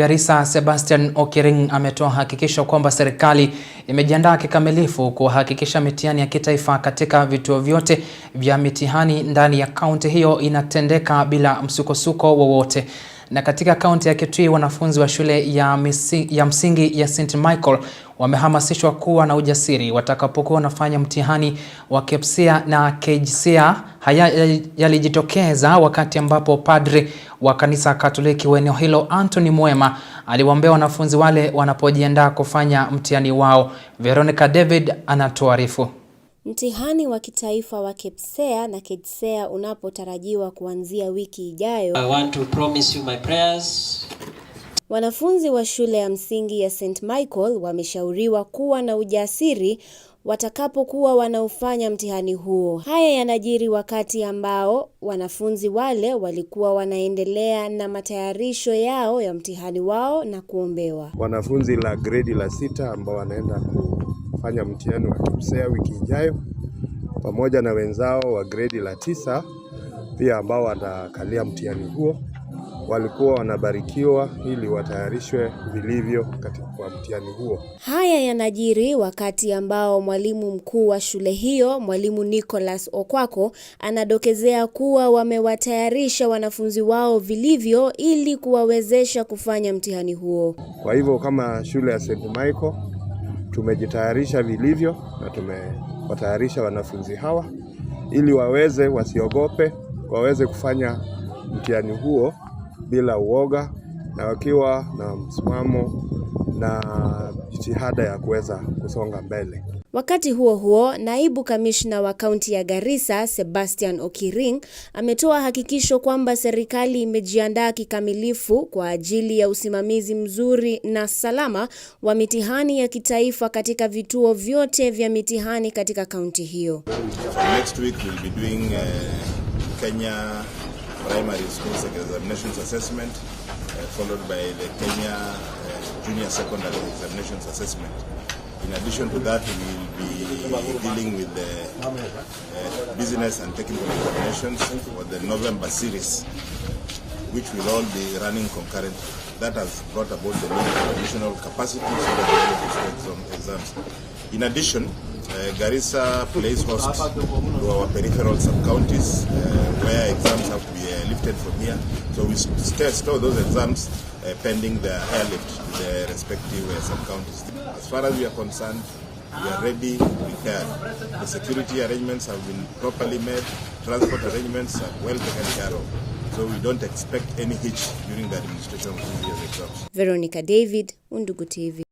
Garissa Sebastian Okiring ametoa hakikisho kwamba serikali imejiandaa kikamilifu kuhakikisha mitihani ya kitaifa katika vituo vyote vya mitihani ndani ya kaunti hiyo inatendeka bila msukosuko wowote. Na katika kaunti ya Kitui, wanafunzi wa shule ya, misi, ya msingi ya St Michael wamehamasishwa kuwa na ujasiri watakapokuwa wanafanya mtihani wa KPSEA na KJSEA. Haya yalijitokeza wakati ambapo padri wa kanisa Katoliki wa eneo hilo Anthony Mwema aliwaambia wanafunzi wale wanapojiandaa kufanya mtihani wao. Veronica David anatuarifu. Mtihani wa kitaifa wa KPSEA na KJSEA unapotarajiwa kuanzia wiki ijayo. I want to promise you my prayers. Wanafunzi wa shule ya msingi ya St Michael wameshauriwa kuwa na ujasiri watakapokuwa wanaofanya mtihani huo. Haya yanajiri wakati ambao wanafunzi wale walikuwa wanaendelea na matayarisho yao ya mtihani wao na kuombewa. Wanafunzi la gredi la sita ambao wanaenda ku kufanya mtihani wa KIPSEA wiki ijayo pamoja na wenzao wa gredi la tisa pia ambao watakalia mtihani huo walikuwa wanabarikiwa ili watayarishwe vilivyo kwa mtihani huo. Haya yanajiri wakati ambao mwalimu mkuu wa shule hiyo, mwalimu Nicholas Okwako, anadokezea kuwa wamewatayarisha wanafunzi wao vilivyo ili kuwawezesha kufanya mtihani huo. Kwa hivyo kama shule ya St Michael Tumejitayarisha vilivyo na tumewatayarisha wanafunzi hawa ili waweze, wasiogope, waweze kufanya mtihani huo bila uoga na wakiwa na msimamo na jitihada ya kuweza kusonga mbele. Wakati huo huo, naibu kamishna wa kaunti ya Garissa Sebastian Okiring ametoa hakikisho kwamba serikali imejiandaa kikamilifu kwa ajili ya usimamizi mzuri na salama wa mitihani ya kitaifa katika vituo vyote vya mitihani katika kaunti hiyo. Next week we'll be doing, uh, Kenya primary schools examinations assessment uh, followed by the Kenya uh, junior secondary examinations assessment. In addition to that, we will be dealing with the uh, business and technical examinations for the November series, which will all be running concurrently. That has brought about the need for additional capacity so that we can take exams. In addition, uh, Garissa plays host to our peripheral sub-counties uh, where exams uh, lifted from here. So we st store those exams uh, pending their airlift to their respective uh, sub-counties. As far as we are concerned, we are ready, prepared. The security arrangements have been properly made, transport arrangements are well taken care of. So we don't expect any hitch during the administration of the exams. Veronica David, Undugu TV.